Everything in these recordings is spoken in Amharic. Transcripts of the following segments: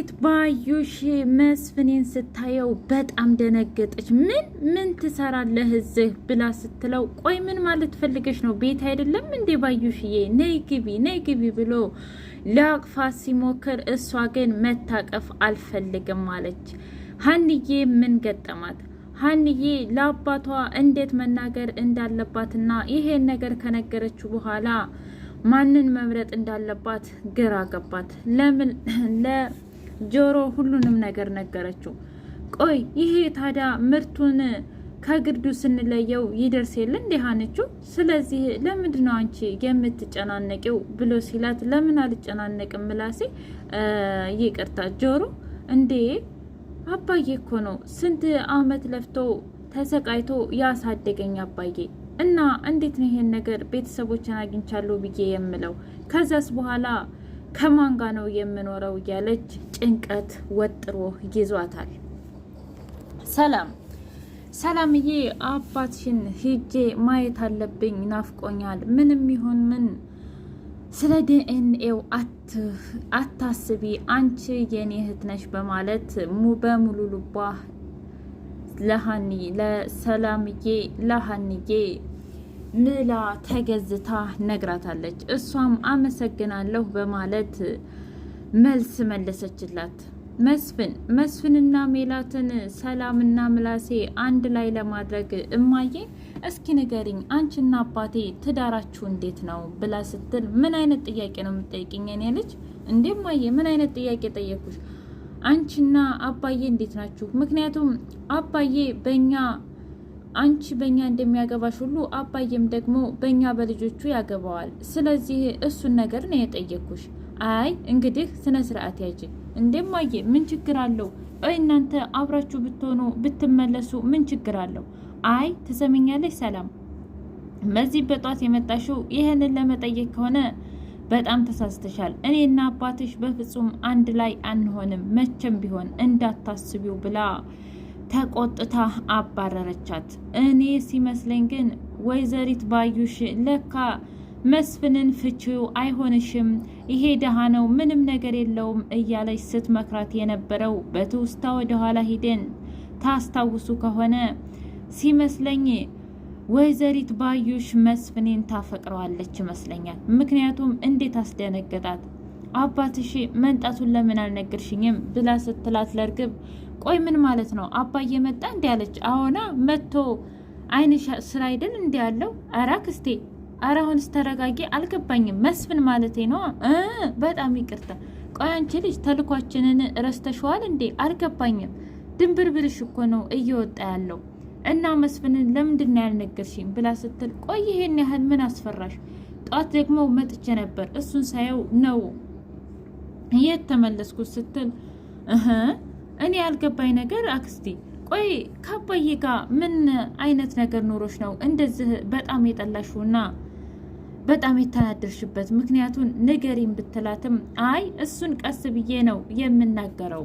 ሉሊት ባዩሽ መስፍኔን ስታየው በጣም ደነገጠች። ምን ምን ትሰራለህ እዚህ ብላ ስትለው፣ ቆይ ምን ማለት ፈልገሽ ነው? ቤት አይደለም እንዴ ባዩሽዬ? ነይ ግቢ፣ ነይ ግቢ ብሎ ለአቅፋ ሲሞክር እሷ ግን መታቀፍ አልፈልግም አለች። ሀንዬ ምን ገጠማት? ሀንዬ ለአባቷ እንዴት መናገር እንዳለባትና ይሄን ነገር ከነገረችው በኋላ ማንን መምረጥ እንዳለባት ግራ ገባት። ለምን ጆሮ ሁሉንም ነገር ነገረችው። ቆይ ይሄ ታዲያ ምርቱን ከግርዱ ስንለየው ይደርስ የለ እንዲህ አነችው። ስለዚህ ለምንድ ነው አንቺ የምትጨናነቂው ብሎ ሲላት፣ ለምን አልጨናነቅም ምላሴ፣ ይቅርታ ጆሮ። እንዴ አባዬ እኮ ነው ስንት አመት ለፍቶ ተሰቃይቶ ያሳደገኝ አባዬ እና እንዴት ነው ይሄን ነገር ቤተሰቦችን አግኝቻለሁ ብዬ የምለው? ከዛስ በኋላ ከማን ጋር ነው የምኖረው እያለች ጭንቀት ወጥሮ ይዟታል። ሰላም ሰላምዬ፣ አባትሽን ሂጄ ማየት አለብኝ፣ ናፍቆኛል። ምንም ይሁን ምን ስለ ዲኤንኤው አታስቢ፣ አንቺ የኔ እህት ነሽ በማለት በሙሉ ልቧ ለሀኒ ለሰላምዬ ለሀንዬ ምላ ተገዝታ ነግራታለች። እሷም አመሰግናለሁ በማለት መልስ መለሰችላት። መስፍን መስፍንና ሜላትን ሰላምና ምላሴ አንድ ላይ ለማድረግ እማዬ እስኪ ንገሪኝ አንቺና አባቴ ትዳራችሁ እንዴት ነው ብላ ስትል ምን አይነት ጥያቄ ነው የምጠይቅኝ? እኔ ልጅ እንዴ እማዬ ምን አይነት ጥያቄ ጠየኩሽ? አንቺና አባዬ እንዴት ናችሁ? ምክንያቱም አባዬ በእኛ አንቺ በእኛ እንደሚያገባሽ ሁሉ አባዬም ደግሞ በእኛ በልጆቹ ያገባዋል። ስለዚህ እሱን ነገር ነው የጠየቅኩሽ። አይ እንግዲህ ስነ ስርዓት ያጅ። እንደማየ ምን ችግር አለው? እናንተ አብራችሁ ብትሆኑ ብትመለሱ ምን ችግር አለው? አይ ትሰምኛለሽ ሰላም፣ በዚህ በጧት የመጣሽው ይህንን ለመጠየቅ ከሆነ በጣም ተሳስተሻል። እኔና አባትሽ በፍጹም አንድ ላይ አንሆንም፣ መቼም ቢሆን እንዳታስቢው ብላ ተቆጥታ አባረረቻት። እኔ ሲመስለኝ ግን ወይዘሪት ባዩሽ ለካ መስፍንን ፍቺው አይሆንሽም፣ ይሄ ደሃ ነው፣ ምንም ነገር የለውም እያለች ስትመክራት የነበረው በትውስታ ወደኋላ ሂደን ታስታውሱ ከሆነ ሲመስለኝ ወይዘሪት ባዩሽ መስፍኔን ታፈቅረዋለች ይመስለኛል። ምክንያቱም እንዴት አስደነገጣት አባትሽ መምጣቱን ለምን አልነገርሽኝም? ብላ ስትላት ለርግብ ቆይ ምን ማለት ነው አባዬ መጣ እንዲ ያለች አሁና መጥቶ አይንሽ ስራ አይደል እንዲ ያለው አራ ክስቴ አረ አሁንስ አልገባኝም መስፍን ማለቴ ነው። በጣም ይቅርታ። ቆይ አንቺ ልጅ ተልኳችንን ረስተሸዋል እንዴ? አልገባኝም። ድንብርብርሽ እኮ ነው እየወጣ ያለው እና መስፍንን ለምንድን ነው ያልነገርሽኝ? ብላ ስትል ቆይ ይሄን ያህል ምን አስፈራሽ? ጠዋት ደግሞ መጥቼ ነበር እሱን ሳየው ነው የት ተመለስኩት ስትል እኔ ያልገባኝ ነገር አክስቴ፣ ቆይ ከአባዬ ጋር ምን አይነት ነገር ኖሮች ነው እንደዚህ በጣም የጠላሽውና በጣም የተናደርሽበት? ምክንያቱን ንገሪም ብትላትም አይ እሱን ቀስ ብዬ ነው የምናገረው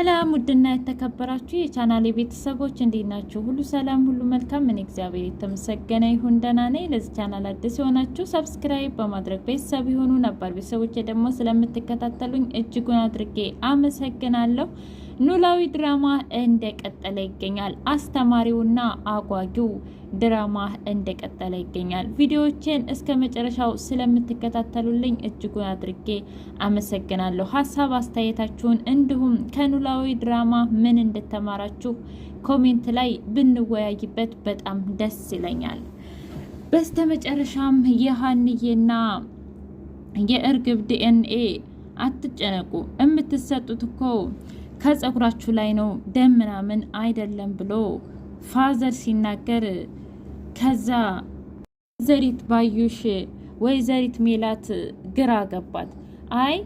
ሰላም ውድና የተከበራችሁ የቻናል ቤተሰቦች እንዴት ናችሁ? ሁሉ ሰላም፣ ሁሉ መልካም። እኔ እግዚአብሔር የተመሰገነ ይሁን ደህና ነኝ። ለዚህ ቻናል አዲስ የሆናችሁ ሰብስክራይብ በማድረግ ቤተሰብ የሆኑ ነባር ቤተሰቦች ደግሞ ስለምትከታተሉኝ እጅጉን አድርጌ አመሰግናለሁ። ኖላዊ ድራማ እንደቀጠለ ይገኛል። አስተማሪውና አጓጊው ድራማ እንደቀጠለ ይገኛል። ቪዲዮዎችን እስከ መጨረሻው ስለምትከታተሉልኝ እጅጉን አድርጌ አመሰግናለሁ። ሀሳብ አስተያየታችሁን፣ እንዲሁም ከኖላዊ ድራማ ምን እንደተማራችሁ ኮሜንት ላይ ብንወያይበት በጣም ደስ ይለኛል። በስተመጨረሻም የሀንዬና የእርግብ ዲኤንኤ አትጨነቁ፣ የምትሰጡት እኮ ከፀጉራችሁ ላይ ነው ደም ምናምን አይደለም ብሎ ፋዘር ሲናገር ከዛ ወይዘሪት ባዩሽ ወይዘሪት ሜላት ግራ ገባት። አይ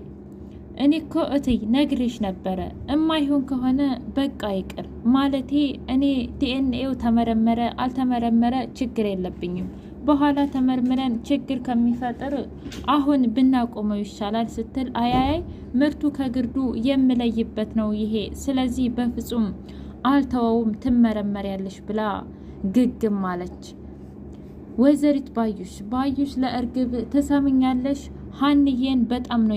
እኔ እኮ እትይ ነግሬሽ ነበረ። እማይሆን ከሆነ በቃ ይቅር ማለቴ እኔ ዲኤንኤው ተመረመረ አልተመረመረ ችግር የለብኝም በኋላ ተመርምረን ችግር ከሚፈጥር አሁን ብናቆመው ይሻላል ስትል አያያይ ምርቱ ከግርዱ የምለይበት ነው ይሄ። ስለዚህ በፍጹም አልተወውም፣ ትመረመሪያለሽ ብላ ግግም አለች። ወይዘሪት ባዩሽ ባዩሽ ለእርግብ ትሰምኛለሽ? ሀንዬን በጣም ነው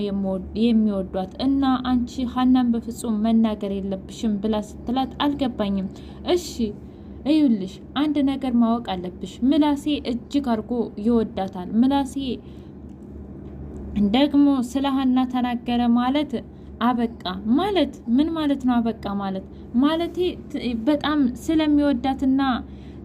የሚወዷት እና አንቺ ሀናን በፍጹም መናገር የለብሽም ብላ ስትላት አልገባኝም። እሺ እዩልሽ፣ አንድ ነገር ማወቅ አለብሽ። ምላሴ እጅግ አድርጎ ይወዳታል። ምላሴ ደግሞ ስለ ሀና ተናገረ ማለት አበቃ ማለት ምን ማለት ነው? አበቃ ማለት ማለቴ በጣም ስለሚወዳትና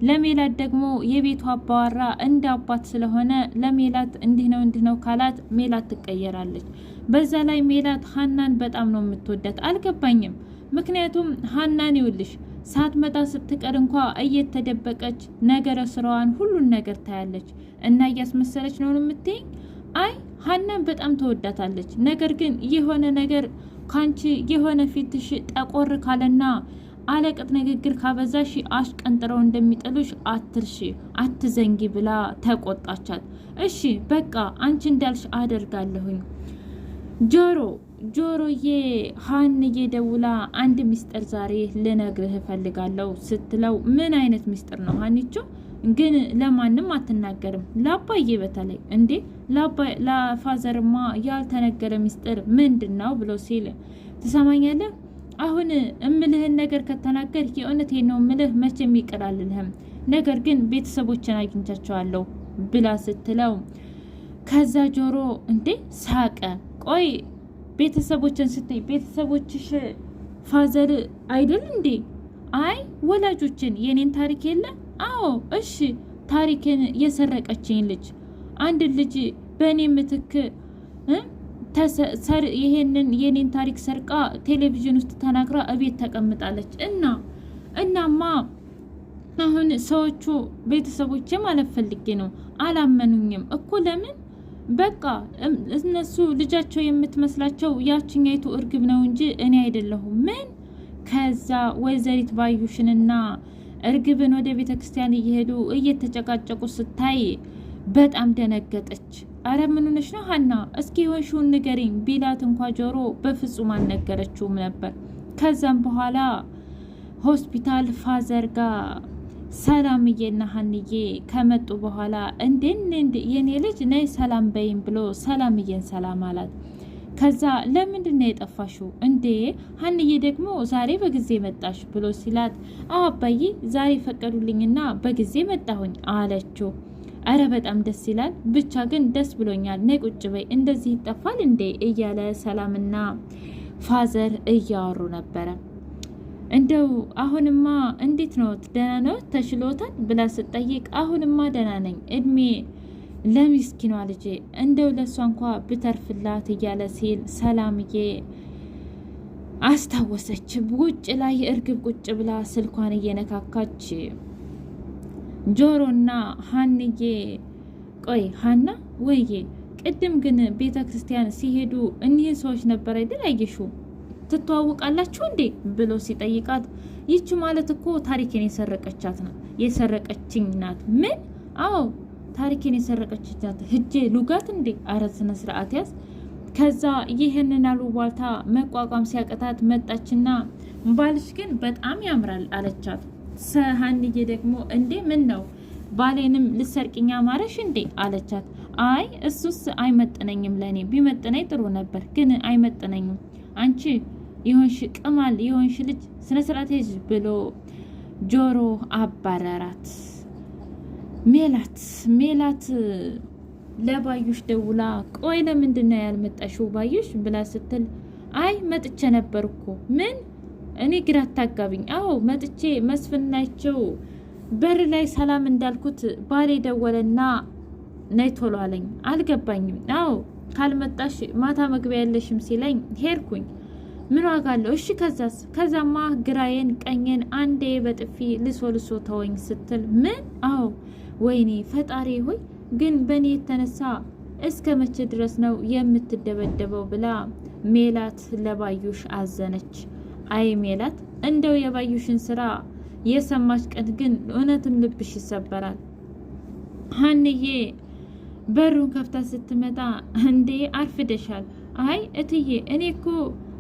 ለሜላት ደግሞ የቤቱ አባዋራ እንደ አባት ስለሆነ ለሜላት እንዲህ ነው እንዲህ ነው ካላት ሜላት ትቀየራለች። በዛ ላይ ሜላት ሀናን በጣም ነው የምትወዳት። አልገባኝም። ምክንያቱም ሀናን ይውልሽ ሳትመጣ ስትቀር እንኳ እየተደበቀች ነገረ ስራዋን ሁሉን ነገር ታያለች እና እያስመሰለች ነው የምትይኝ? አይ ሀናን በጣም ተወዳታለች። ነገር ግን የሆነ ነገር ካንቺ የሆነ ፊትሽ ጠቆር ካለና አለቅጥ ንግግር ካበዛሽ አሽቀንጥረው እንደሚጥሉሽ አትርሺ፣ አትዘንጊ ብላ ተቆጣቻት። እሺ በቃ አንቺ እንዳልሽ አደርጋለሁኝ ጆሮ ጆሮዬ ሀንዬ ደውላ አንድ ሚስጥር ዛሬ ልነግርህ እፈልጋለሁ ስትለው፣ ምን አይነት ሚስጥር ነው ሀኒቾ? ግን ለማንም አትናገርም። ለአባዬ በተለይ እንዴ፣ ለፋዘርማ ያልተነገረ ሚስጥር ምንድን ነው ብሎ ሲል፣ ትሰማኛለህ? አሁን እምልህን ነገር ከተናገር የእውነቴ ነው ምልህ መቼም ይቅር አልልህም። ነገር ግን ቤተሰቦችን አግኝቻቸዋለሁ ብላ ስትለው፣ ከዛ ጆሮ እንዴ ሳቀ። ቆይ ቤተሰቦችን ስትይ ቤተሰቦችሽ ፋዘር አይደል እንዴ? አይ ወላጆችን የኔን ታሪክ የለ? አዎ እሺ፣ ታሪክን የሰረቀችኝ ልጅ አንድ ልጅ በእኔ ምትክ ይሄንን የኔን ታሪክ ሰርቃ ቴሌቪዥን ውስጥ ተናግራ እቤት ተቀምጣለች። እና እናማ አሁን ሰዎቹ ቤተሰቦቼ ማለት ፈልጌ ነው አላመኑኝም እኮ ለምን በቃ እነሱ ልጃቸው የምትመስላቸው ያችኛይቱ እርግብ ነው እንጂ እኔ አይደለሁም። ምን ከዛ ወይዘሪት ባዩሽንና እርግብን ወደ ቤተ ክርስቲያን እየሄዱ እየተጨቃጨቁ ስታይ በጣም ደነገጠች። አረ ምን ነው ሀና እስኪ የሆንሽውን ንገሪኝ ቢላት እንኳ ጆሮ በፍጹም አልነገረችውም ነበር። ከዛም በኋላ ሆስፒታል ፋዘር ጋር ሰላምዬና ሀንዬ ከመጡ በኋላ እንዴን የኔ ልጅ ነይ ሰላም በይም ብሎ ሰላምዬን ሰላም አላት። ከዛ ለምንድን ነው እንዴ ሀንዬ ደግሞ ዛሬ በጊዜ መጣሽ ብሎ ሲላት፣ አዎ አባዬ ዛሬ ፈቀዱልኝና በጊዜ መጣሁኝ አለችው። አረ በጣም ደስ ይላል። ብቻ ግን ደስ ብሎኛል። ነይ ቁጭ በይ። እንደዚህ ይጠፋል እንዴ? እያለ ሰላምና ፋዘር እያወሩ ነበረ። እንደው አሁንማ እንዴት ነዎት? ደህና ነዎት? ተሽሎታል ብላ ስጠይቅ አሁንማ ደህና ነኝ፣ እድሜ ለሚስኪኗ ልጄ እንደው ለእሷ እንኳ ብተርፍላት እያለ ሲል ሰላምዬ አስታወሰች። ውጭ ላይ እርግብ ቁጭ ብላ ስልኳን እየነካካች ጆሮና ሀንዬ ቆይ ሀና ወይዬ፣ ቅድም ግን ቤተ ክርስቲያን ሲሄዱ እኒህን ሰዎች ነበር አይደል አየሽው? ትተዋወቃላችሁ እንዴ ብሎ ሲጠይቃት ይች ማለት እኮ ታሪኬን የሰረቀቻት ናት የሰረቀችኝ ናት። ምን? አዎ ታሪኬን የሰረቀችቻት ህጄ ሉጋት እንዴ? አረ ስነ ስርዓት ያዝ። ከዛ ይህንን አሉባልታ መቋቋም ሲያቀታት መጣችና ባልሽ ግን በጣም ያምራል አለቻት። ሰሀንዬ ደግሞ እንዴ ምን ነው ባሌንም ልሰርቅኛ ማረሽ እንዴ አለቻት። አይ እሱስ አይመጥነኝም፣ ለእኔ ቢመጥነኝ ጥሩ ነበር፣ ግን አይመጥነኝም አንቺ የሆንሽ ቅማል የሆንሽ ልጅ ስነ ስርዓት ይዝ ብሎ ጆሮ አባረራት። ሜላት ሜላት ለባዩሽ ደውላ ቆይ ለምንድን ነው ያልመጣሽው ባዩሽ ብላ ስትል አይ መጥቼ ነበር እኮ ምን እኔ ግራ አታጋቢኝ አዎ መጥቼ መስፍን በር ላይ ሰላም እንዳልኩት ባሌ ደወለና ነይ ቶሎ አለኝ አልገባኝም አዎ ካልመጣሽ ማታ መግቢያ ያለሽም ሲለኝ ሄድኩኝ ምን ዋጋ አለው? እሺ ከዛስ? ከዛማ ግራዬን ቀኘን አንዴ በጥፊ ልሶ ልሶ ተወኝ ስትል ምን? አዎ ወይኔ ፈጣሪ ሆይ ግን በእኔ የተነሳ እስከ መቼ ድረስ ነው የምትደበደበው? ብላ ሜላት ለባዩሽ አዘነች። አይ ሜላት እንደው የባዩሽን ስራ የሰማች ቀን ግን እውነትም ልብሽ ይሰበራል። ሀንዬ በሩን ከፍታ ስትመጣ እንዴ አርፍደሻል? አይ እትዬ እኔ እኮ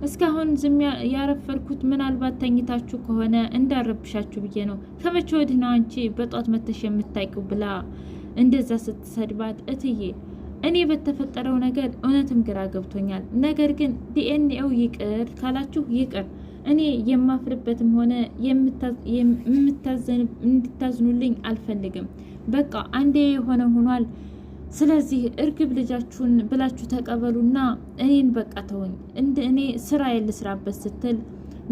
እስካሁን ዝም ያረፈልኩት ምናልባት ተኝታችሁ ከሆነ እንዳረብሻችሁ ብዬ ነው። ከመቼ ወዲህ ነው አንቺ በጧት መተሽ የምታይቁ ብላ እንደዛ ስትሰድባት፣ እትዬ እኔ በተፈጠረው ነገር እውነትም ግራ ገብቶኛል። ነገር ግን ዲኤንኤው ይቅር ካላችሁ ይቅር። እኔ የማፍርበትም ሆነ እንድታዝኑልኝ አልፈልግም። በቃ አንዴ የሆነ ሆኗል። ስለዚህ እርግብ ልጃችሁን ብላችሁ ተቀበሉና እኔን በቃ ተውኝ እንደ እኔ ስራ የልስራበት ስትል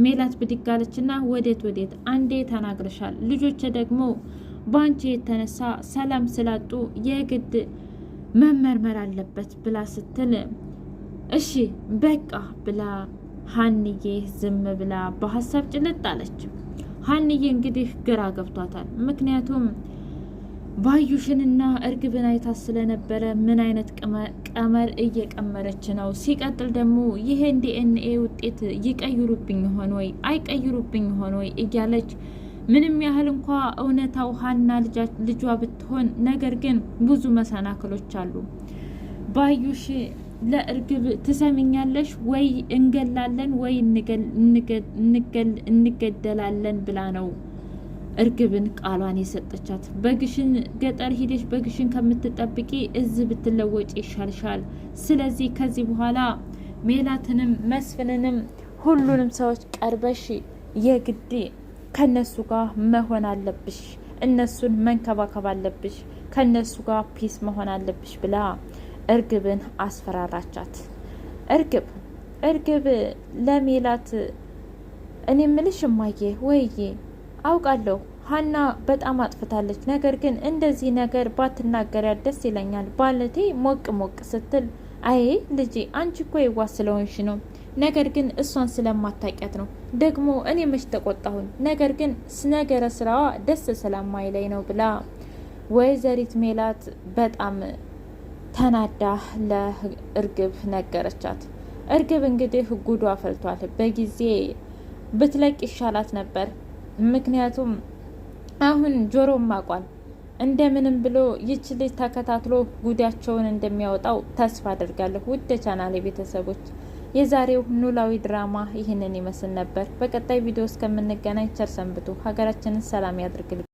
ሜላት ብድጋለችና ወዴት ወዴት? አንዴ ተናግረሻል። ልጆቼ ደግሞ በአንቺ የተነሳ ሰላም ስላጡ የግድ መመርመር አለበት ብላ ስትል እሺ በቃ ብላ ሀንዬ ዝም ብላ በሀሳብ ጭልጥ አለች። ሀንዬ እንግዲህ ግራ ገብቷታል። ምክንያቱም ባዩሽንና እርግብን አይታ ስለነበረ ምን አይነት ቀመር እየቀመረች ነው? ሲቀጥል ደግሞ ይሄን ዲኤንኤ ውጤት ይቀይሩብኝ ሆን ወይ አይቀይሩብኝ ሆን ወይ እያለች ምንም ያህል እንኳ እውነታው ሀና ልጇ ብትሆን፣ ነገር ግን ብዙ መሰናክሎች አሉ። ባዩሽ ለእርግብ ትሰምኛለሽ ወይ እንገላለን ወይ እንገደላለን ብላ ነው እርግብን ቃሏን የሰጠቻት በግሽን ገጠር ሂደሽ በግሽን ከምትጠብቂ እዚህ ብትለወጭ ይሻልሻል። ስለዚህ ከዚህ በኋላ ሜላትንም መስፍንንም ሁሉንም ሰዎች ቀርበሽ የግድ ከነሱ ጋር መሆን አለብሽ፣ እነሱን መንከባከብ አለብሽ፣ ከነሱ ጋር ፒስ መሆን አለብሽ ብላ እርግብን አስፈራራቻት። እርግብ እርግብ ለሜላት እኔ ምልሽ እማዬ ወይዬ አውቃለሁ ሀና በጣም አጥፍታለች። ነገር ግን እንደዚህ ነገር ባትናገሪያት ደስ ይለኛል። ባለቴ ሞቅ ሞቅ ስትል አይ ልጄ አንቺ እኮ የዋህ ስለሆንሽ ነው። ነገር ግን እሷን ስለማታውቂያት ነው። ደግሞ እኔ መች ተቆጣሁኝ። ነገር ግን ነገረ ስራዋ ደስ ስለማይለኝ ነው ብላ ወይዘሪት ሜላት በጣም ተናዳ ለእርግብ ነገረቻት። እርግብ እንግዲህ ጉዷ ፈልቷል። በጊዜ ብትለቅ ይሻላት ነበር ምክንያቱም አሁን ጆሮም አቋል እንደምንም ብሎ ይች ልጅ ተከታትሎ ጉዳያቸውን እንደሚያወጣው ተስፋ አድርጋለሁ። ውድ ቻናሌ ቤተሰቦች የዛሬው ኖላዊ ድራማ ይህንን ይመስል ነበር። በቀጣይ ቪዲዮ እስከምንገናኝ ቸር ሰንብቱ። ሀገራችንን ሰላም ያድርግል።